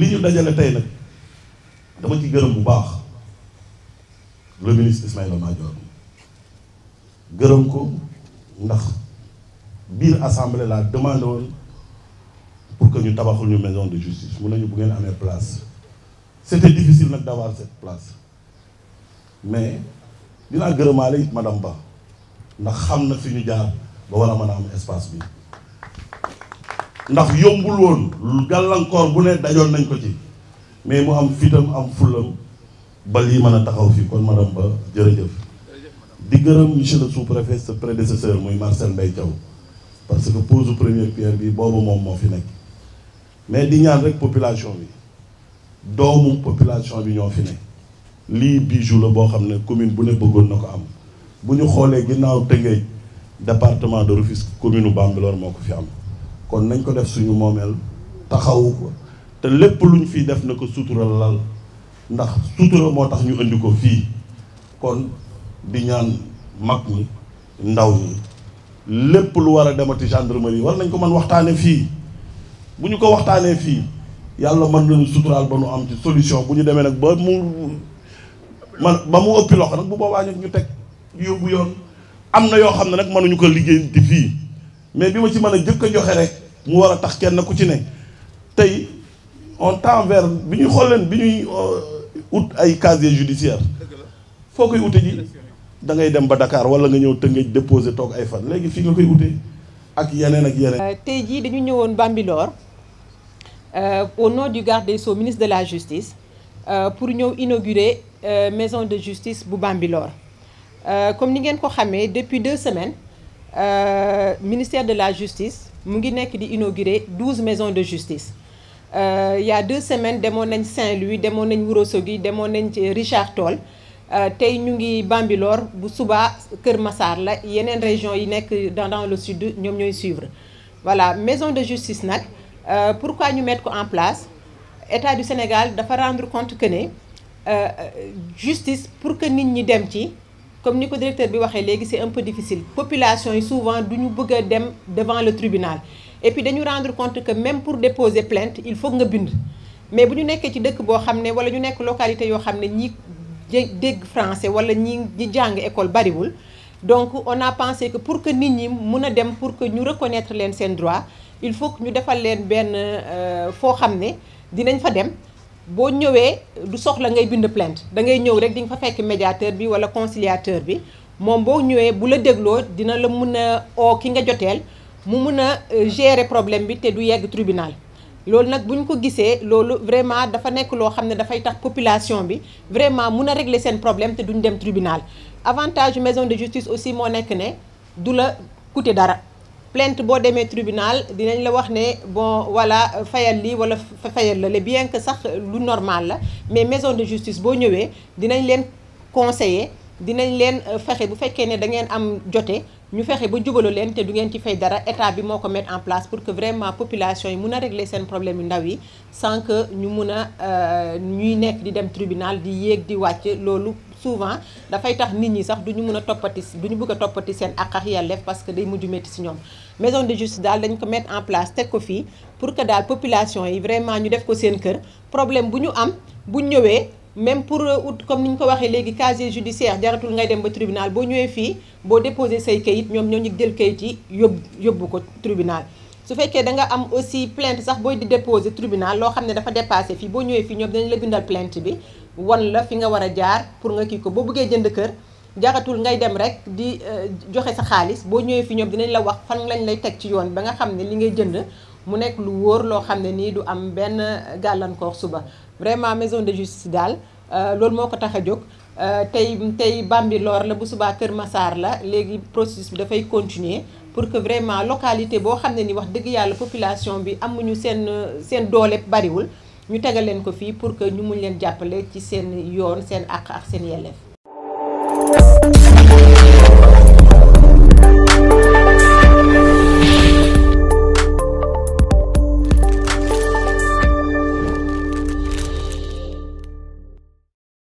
li ñu dajale tey nag dama ci gërëm bu baax le ministre Ismaïla Madior gërëm ko ndax biir assemblée laa demandé woon pour que ñu tabaxul ñu maison de justice mun nañu bu ngeen amee place c'était difficile nag d'avoir cette place mais dinaa gërëmaale it madame Ba ndax xam na fi ñu jaar ba war a mën a am espace bi ndax yombul woon gàllankoor bu ne dajoon nañ ko ci mais mu am fitam am fulam ba lii mën a taxaw fii kon madame Ba jërëjëf di gërëm monsieur le sous-préfet sa prédécesseur muy Marcel mbay jaw parce que pose première pierre bi boobu moom moo fi nekk mais di ñaan rek population bi doomu population bi ñoo fi nekk lii bijou la boo xam ne commune bu ne bëggoon na ko am bu ñu xoolee ginnaaw Tëngéej departement de Rufisque commune u Bambilor moo ko fi am kon nañ ko def suñu moomeel taxawu ko te lépp luñ fii def na ko sutura lal ndax sutura moo tax ñu indi ko fii kon di ñaan mag ñi ndaw ñi lépp lu war a demati gendarmerie war nañ ko mën waxtaane fii bu ñu ko waxtaanee fii yàlla mën nañu suturaal ba nu am ci solution bu ñu demee nag ba mu ma ba mu ëppi loxo nag bu boobaa ñu teg yóbbu yoon am na yoo xam ne nag mënuñu ko liggéey fii mais bi ci mën a jëkk rek mu wara tax kenn ku ci ne tay on tend vers biñu ñuy xool out euh, ay casier judiciaire foo koy ute ji da ngay dem ba Dakar wala nga ñëw Tëngéej déposer tok ay fan légui fi nga koy outé ak yeneen ak yeneen. Euh, tay ji dañu ñëwoon Bambilor euh, au nom du garde des Sceaux ministre de la justice euh pour ñëw inaugurer maison de justice bu Bambilor comme ni ngeen ko xamé depuis deux semaines. Euh, ministère de la justice a ngi inauguré maisons de justice il euh, y a deux semaines des nañ Saint-Louis des nañ Ourossogui demoon nañ Richard Toll euh, tey ñu ngi Bambilor bu il y Massar la une région yi est dans dans le sud nous allons suivre voilà maisons de justice pourquoi nous mettons en place état du Sénégal doit rendre compte que euh, justice pour que nous nous dem comme ni directeur bi waxé c'est un peu difficile La population est souvent duñu bëgg devant le tribunal et puis dañu rendre compte que même pour déposer plainte il faut nga bind mais buñu ñu ci dëkk bo xamné ne wala ñu localité yo xamné ñi dégg français wala ñi ñi jang école bariwul donc on a pensé que pour que nous ñi les droits, dem pour que ñu reconnaître il faut que ñu defal leen benn euh, fa dem bo ñëwee du soxla ngay bind plainte da ngay ñëw rek di nga fa fekk médiateur bi wala conciliateur bi mom bo ñëwee bu la dégloo dina la mëna o kinga ki nga jotel mu mëna euh, gérer problème bi té du yegg tribunal. lool nak buñ ko gissé loolu vraiment dafa nekk lo xamné da fay tax population bi vraiment mëna régler sen problème té duñ dem tribunal avantage maison de justice aussi mo nekk ne du la coûter dara plainte bo démé tribunal dinañ la wax ne bon voilà fayal li wala fayal la le bien que sax lu normal la mais maison de justice bo ñëwé dinañ leen conseiller dinañ leen euh, fexé bu féké né da ngeen am jote ñu fexé ba jubaloo leen té du ngeen ci fay dara état bi moko mettre en place pour que vraiment population yi mëna a régler sen problème yu ndaw yi sans que ñu mëna a euh, ñuy nekk di dem tribunal di yégg di wàcc lolu souvent da fay tax nit ñi sax duñu mëna topati duñu bëgg topati seen ak ak yelleef parce que day muju métti ci ñom maison de justice dal dañ ko mettre en place teg ko fi pour que dal population yi vraiment ñu def ko seen kër problème buñu am buñ ñëwé même pour out euh, comme niñ ko waxé légui casier judiciaire jaratul ngay dem ba tribunal bo ñëwé fi bo déposer say kayit ñom ñoo ñu jël kayit yi yóbbu yóbbu ko tribunal su fekkee da nga am aussi plainte sax booy di déposer tribunal loo xam ne dafa dépassé fii boo ñëwee fii ñoom dañ la bindal plainte bi wan la fi nga war a jaar pour nga kii ko boo jënd kër jaxatul ngay dem rek di euh, sa xaalis boo fi dinañ la wax fan lañ lay teg ci yoon ba nga xam li ngay jënd mu lu du am suba vraiment maison de justice daal euh, loolu moo ko tax a jóg euh, tey tey la bu suba Kër la processus bi dafay continuer pour que vraiment localité boo xam ne ni wax dëgg population bi amuñu seen seen ñu tegal leen ko fii pour que ñu mun leen jàppale ci seen yoon seen àq ak seen yelleef